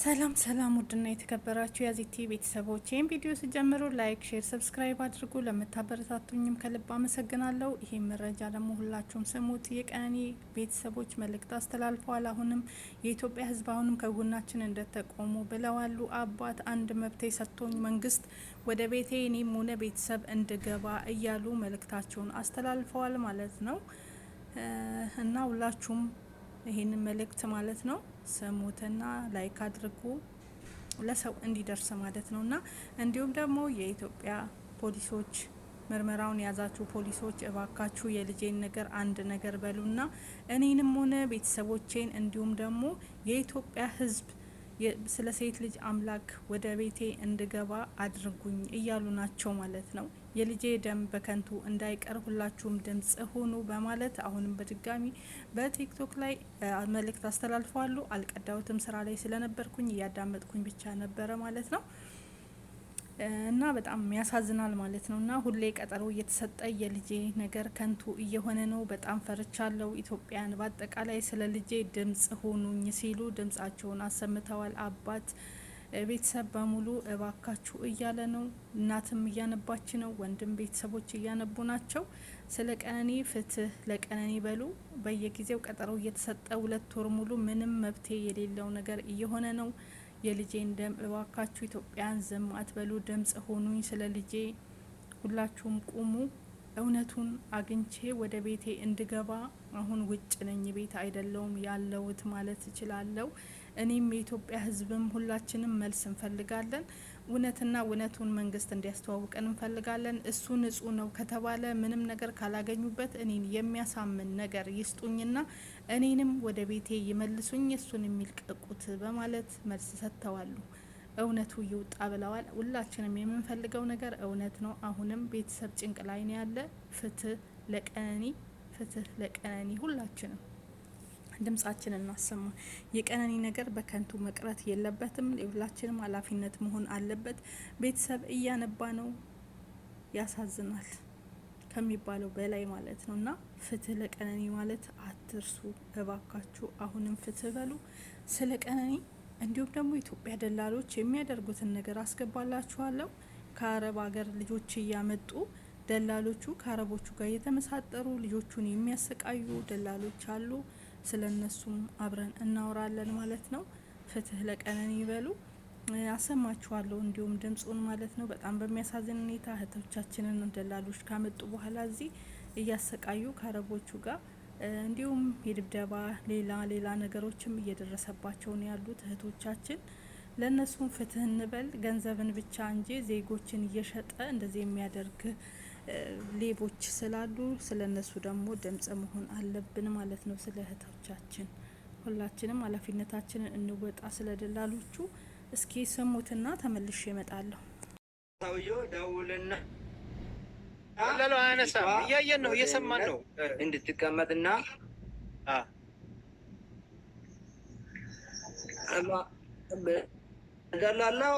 ሰላም ሰላም፣ ውድና የተከበራችሁ የአዜቲ ቤተሰቦች ይህን ቪዲዮ ስጀምሩ ላይክ፣ ሼር፣ ሰብስክራይብ አድርጉ። ለምታበረታቱኝም ከልብ አመሰግናለሁ። ይህም መረጃ ደግሞ ሁላችሁም ስሙት። የቀነኒ ቤተሰቦች መልእክት አስተላልፈዋል። አሁንም የኢትዮጵያ ሕዝብ አሁንም ከጎናችን እንደተቆሙ ብለዋሉ። አባት አንድ መብት የሰጥቶኝ መንግስት ወደ ቤቴ እኔም ሆነ ቤተሰብ እንድገባ እያሉ መልእክታቸውን አስተላልፈዋል ማለት ነው እና ሁላችሁም ይሄንን መልእክት ማለት ነው ስሙትና ላይክ አድርጉ ለሰው እንዲደርስ ማለት ነው እና እንዲሁም ደግሞ የኢትዮጵያ ፖሊሶች ምርመራውን የያዛችሁ ፖሊሶች እባካችሁ የልጄን ነገር አንድ ነገር በሉና እኔንም ሆነ ቤተሰቦቼን እንዲሁም ደግሞ የኢትዮጵያ ሕዝብ ስለ ሴት ልጅ አምላክ ወደ ቤቴ እንድገባ አድርጉኝ እያሉ ናቸው ማለት ነው። የልጄ ደም በከንቱ እንዳይቀር ሁላችሁም ድምጽ ሁኑ በማለት አሁንም በድጋሚ በቲክቶክ ላይ መልእክት አስተላልፈዋሉ። አልቀዳውትም ስራ ላይ ስለነበርኩኝ እያዳመጥኩኝ ብቻ ነበረ ማለት ነው። እና በጣም ያሳዝናል ማለት ነው። እና ሁሌ ቀጠሮ እየተሰጠ የልጄ ነገር ከንቱ እየሆነ ነው። በጣም ፈርቻለሁ። ኢትዮጵያን በአጠቃላይ ስለ ልጄ ድምጽ ሆኑኝ ሲሉ ድምጻቸውን አሰምተዋል። አባት ቤተሰብ በሙሉ እባካችሁ እያለ ነው። እናትም እያነባች ነው። ወንድም ቤተሰቦች እያነቡ ናቸው። ስለ ቀነኒ ፍትህ ለቀነኒ በሉ። በየጊዜው ቀጠሮ እየተሰጠ ሁለት ወር ሙሉ ምንም መብቴ የሌለው ነገር እየሆነ ነው። የልጄን ደም እባካችሁ ኢትዮጵያን ዝም አትበሉ፣ ድምጽ ሆኑኝ። ስለ ልጄ ሁላችሁም ቁሙ። እውነቱን አግኝቼ ወደ ቤቴ እንድገባ አሁን ውጭ ነኝ፣ ቤት አይደለውም ያለውት ማለት እችላለሁ። እኔም የኢትዮጵያ ሕዝብም ሁላችንም መልስ እንፈልጋለን። እውነትና እውነቱን መንግስት እንዲያስተዋውቀን እንፈልጋለን። እሱ ንጹህ ነው ከተባለ ምንም ነገር ካላገኙበት እኔን የሚያሳምን ነገር ይስጡኝና እኔንም ወደ ቤቴ ይመልሱኝ፣ እሱን የሚልቀቁት በማለት መልስ ሰጥተዋሉ። እውነቱ ይውጣ ብለዋል። ሁላችንም የምንፈልገው ነገር እውነት ነው። አሁንም ቤተሰብ ጭንቅ ላይ ነው ያለ። ፍትህ ለቀነኒ፣ ፍትህ ለቀነኒ ሁላችንም ድምጻችን እናሰማ። የቀነኒ ነገር በከንቱ መቅረት የለበትም። የሁላችንም ኃላፊነት መሆን አለበት። ቤተሰብ እያነባ ነው። ያሳዝናል ከሚባለው በላይ ማለት ነው። እና ፍትህ ለቀነኒ ማለት አትርሱ እባካችሁ። አሁንም ፍትህ በሉ ስለ ቀነኒ። እንዲሁም ደግሞ ኢትዮጵያ ደላሎች የሚያደርጉትን ነገር አስገባላችኋለሁ። ከአረብ ሀገር ልጆች እያመጡ ደላሎቹ ከአረቦቹ ጋር እየተመሳጠሩ ልጆቹን የሚያሰቃዩ ደላሎች አሉ። ስለ እነሱም አብረን እናወራለን ማለት ነው። ፍትህ ለቀነኒ ይበሉ። አሰማችኋለሁ እንዲሁም ድምፁን ማለት ነው። በጣም በሚያሳዝን ሁኔታ እህቶቻችንን ደላሎች ካመጡ በኋላ እዚህ እያሰቃዩ ከአረቦቹ ጋር እንዲሁም የድብደባ ሌላ ሌላ ነገሮችም እየደረሰባቸው ነው ያሉት እህቶቻችን። ለእነሱም ፍትህ እንበል። ገንዘብን ብቻ እንጂ ዜጎችን እየሸጠ እንደዚህ የሚያደርግ ሌቦች ስላሉ ስለ እነሱ ደግሞ ድምጽ መሆን አለብን ማለት ነው። ስለ እህቶቻችን ሁላችንም ኃላፊነታችንን እንወጣ። ስለ ደላሎቹ እስኪ ስሙትና ተመልሼ እመጣለሁ። ሰውዬው ደውልና ደላሎ አያነሳም። እያየን ነው፣ እየሰማን ነው። እንድትቀመጥና ደላላው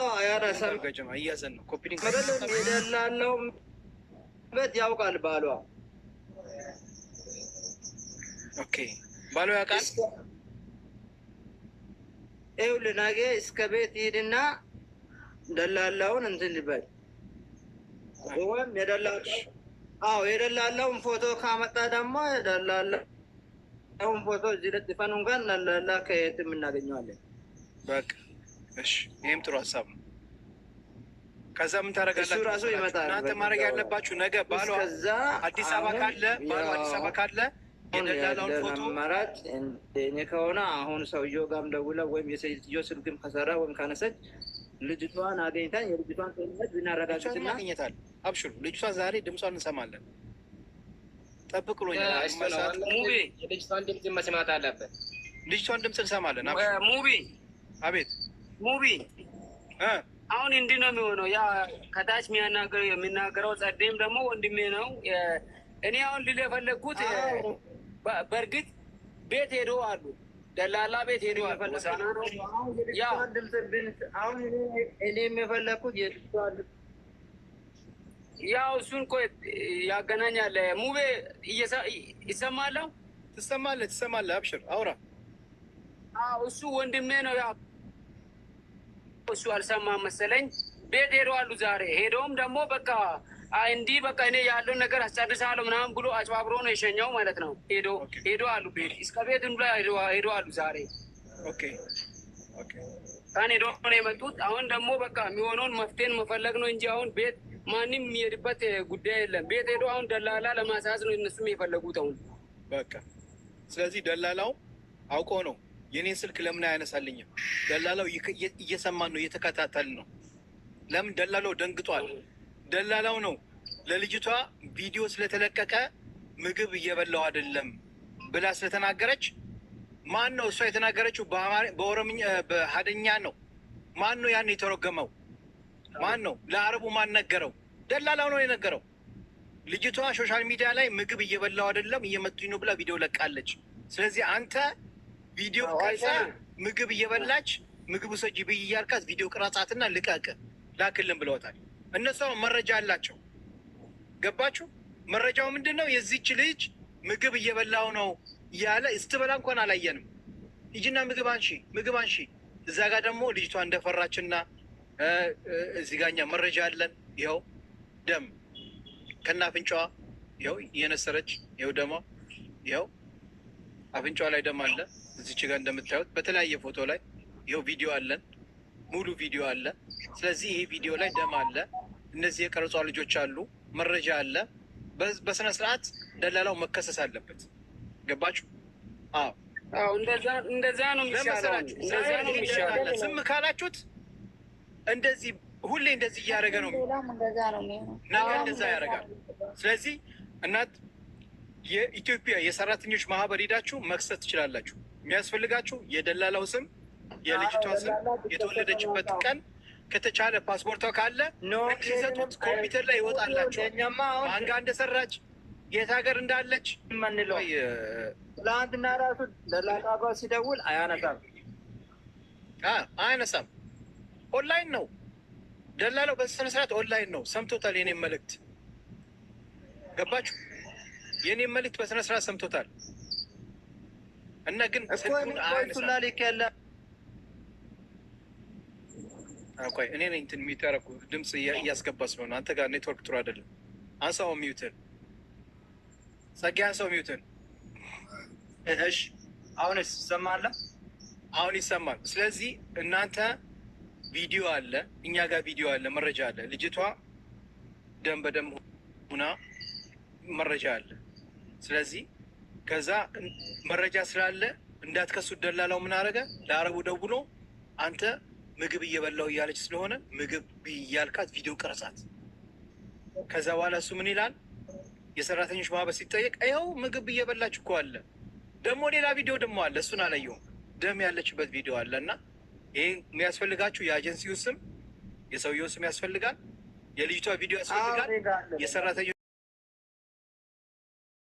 ደላለውበት ያውቃል ባሏ ባሏ ያውቃል። ይኸውልህ ነገ እስከ ቤት ሂድና ደላላውን እንትን ልበል ወይም አዎ የደላለውን ፎቶ ካመጣ ደግሞ የደላለውን ፎቶ እዚህ ለጥፈን እንኳን ደላላ ከየትም እናገኘዋለን። እሺ፣ ይህም ጥሩ ሀሳብ ነው። ከዛ ምን ታደርጋላችሁ? ራሱ ይመጣል። እናንተ ማድረግ ያለባችሁ ነገ ባሏ አዲስ አበባ ካለ ባሏ አዲስ አበባ ካለ የደላላውን አማራጭ እኔ ከሆነ አሁን ሰውየው ጋርም ደውላ ወይም የሴትዮ ስልክም ከሰራ ወይም ካነሰች ልጅቷን አገኝታን የልጅቷን ሰውነት ብናረጋግጥ እናገኘታል። አብሽሩ፣ ልጅቷ ዛሬ ድምጿን እንሰማለን። ጠብቅ ብሎኛል። የልጅቷን ድምፅ መስማት አለበት። ልጅቷን ድምፅ እንሰማለን። ሙቢ አቤት ሙቢ አሁን እንዲህ ነው የሚሆነው። ያ ከታች የሚያናገረው የሚናገረው ጸደም ደግሞ ወንድሜ ነው። እኔ አሁን ልል የፈለግኩት በእርግጥ ቤት ሄዶ አሉ ደላላ ቤት ሄዶ አሁን እኔም የፈለግኩት ያው እሱን እኮ ያገናኛለ ሙቤ ይሰማለሁ፣ ትሰማለህ፣ ትሰማለህ። አብሽር አውራ። እሱ ወንድሜ ነው። እሱ አልሰማም መሰለኝ ቤት ሄዶ አሉ ዛሬ ሄደውም ደግሞ በቃ እንዲህ በቃ እኔ ያለውን ነገር አስጨርሳለሁ ምናምን ብሎ አጭባብሮ ነው የሸኘው ማለት ነው። ሄዶ ሄዶ አሉ ቤት እስከ ቤት እንዱ ሄዶ አሉ ዛሬ ታን ሄዶ ነው የመጡት። አሁን ደግሞ በቃ የሚሆነውን መፍትሄን መፈለግ ነው እንጂ አሁን ቤት ማንም የሚሄድበት ጉዳይ የለም። ቤት ሄዶ አሁን ደላላ ለማሳዝ ነው እነሱም የፈለጉት አሁን በቃ ስለዚህ ደላላው አውቆ ነው የኔን ስልክ ለምን አያነሳልኝም? ደላላው እየሰማን ነው፣ እየተከታተል ነው። ለምን ደላላው ደንግጧል። ደላላው ነው ለልጅቷ ቪዲዮ ስለተለቀቀ ምግብ እየበላው አይደለም ብላ ስለተናገረች፣ ማን ነው እሷ የተናገረችው? በኦሮምኛ በሀደኛ ነው። ማን ነው ያን የተረገመው? ማን ነው ለአረቡ? ማን ነገረው? ደላላው ነው የነገረው። ልጅቷ ሶሻል ሚዲያ ላይ ምግብ እየበላው አይደለም፣ እየመቱኝ ነው ብላ ቪዲዮ ለቃለች። ስለዚህ አንተ ቪዲዮ ቀርጻ ምግብ እየበላች ምግብ ውሰጂ ብይ እያልካት ቪዲዮ ቅረጻትና ልቀቅ ላክልን ብለውታል። እነሷ መረጃ አላቸው። ገባችሁ? መረጃው ምንድን ነው? የዚች ልጅ ምግብ እየበላው ነው እያለ ስትበላ እንኳን አላየንም። ሂጂና ምግብ አንሺ፣ ምግብ አንሺ። እዛ ጋር ደግሞ ልጅቷ እንደፈራችና እዚህ ጋ መረጃ አለን። ይኸው ደም ከና አፍንጫዋ ይኸው እየነሰረች ይኸው ደማ ይኸው አፍንጫዋ ላይ ደም አለ። እዚች ጋር እንደምታዩት በተለያየ ፎቶ ላይ ይኸው ቪዲዮ አለን፣ ሙሉ ቪዲዮ አለ። ስለዚህ ይሄ ቪዲዮ ላይ ደም አለ፣ እነዚህ የቀረጿ ልጆች አሉ፣ መረጃ አለ። በስነ ስርዓት ደላላው መከሰስ አለበት። ገባችሁ? አዎ እንደዛ ነው የሚሻለው። ዝም ካላችሁት እንደዚህ ሁሌ እንደዚህ እያደረገ ነው ነገ እንደዛ ያደርጋል። ስለዚህ እናት የኢትዮጵያ የሰራተኞች ማህበር ሄዳችሁ መክሰት ትችላላችሁ። የሚያስፈልጋችሁ የደላላው ስም፣ የልጅቷ ስም፣ የተወለደችበት ቀን ከተቻለ ፓስፖርቷ ካለ ይዘቱት ኮምፒውተር ላይ ይወጣላችሁ። ማን ጋር እንደሰራች የት ሀገር እንዳለች ምንለው። ትላንትና ራሱ ደላላ ሲደውል አያነሳም አያነሳም። ኦንላይን ነው ደላላው፣ በስነ ስርዓት ኦንላይን ነው። ሰምቶታል የኔም መልእክት ገባችሁ? የኔም መልእክት በስነ ስርዓት ሰምቶታል። እና ግን ስልኩን ላሌክ ያለ ቆይ እኔ ነኝ እንትን የሚጠረኩ ድምፅ እያስገባ ስለሆነ አንተ ጋር ኔትወርክ ጥሩ አይደለም። አንሳው ሚውትን ጸጋ፣ አንሳው ሚውትን። እሺ አሁንስ ይሰማል? አሁን ይሰማል። ስለዚህ እናንተ ቪዲዮ አለ፣ እኛ ጋር ቪዲዮ አለ፣ መረጃ አለ። ልጅቷ ደም በደም ሁና መረጃ አለ። ስለዚህ ከዛ መረጃ ስላለ እንዳትከሱ ደላላው ምን አረገ? ለአረቡ ደውሎ አንተ ምግብ እየበላው እያለች ስለሆነ ምግብ እያልካት ቪዲዮ ቀረጻት። ከዛ በኋላ እሱ ምን ይላል? የሰራተኞች ማህበር ሲጠየቅ ይኸው ምግብ እየበላች እኮ አለ። ደግሞ ሌላ ቪዲዮ ደግሞ አለ፣ እሱን አላየሁም። ደም ያለችበት ቪዲዮ አለ። እና ይህ የሚያስፈልጋችሁ የአጀንሲው ስም፣ የሰውየው ስም ያስፈልጋል። የልጅቷ ቪዲዮ ያስፈልጋል። የሰራተኞ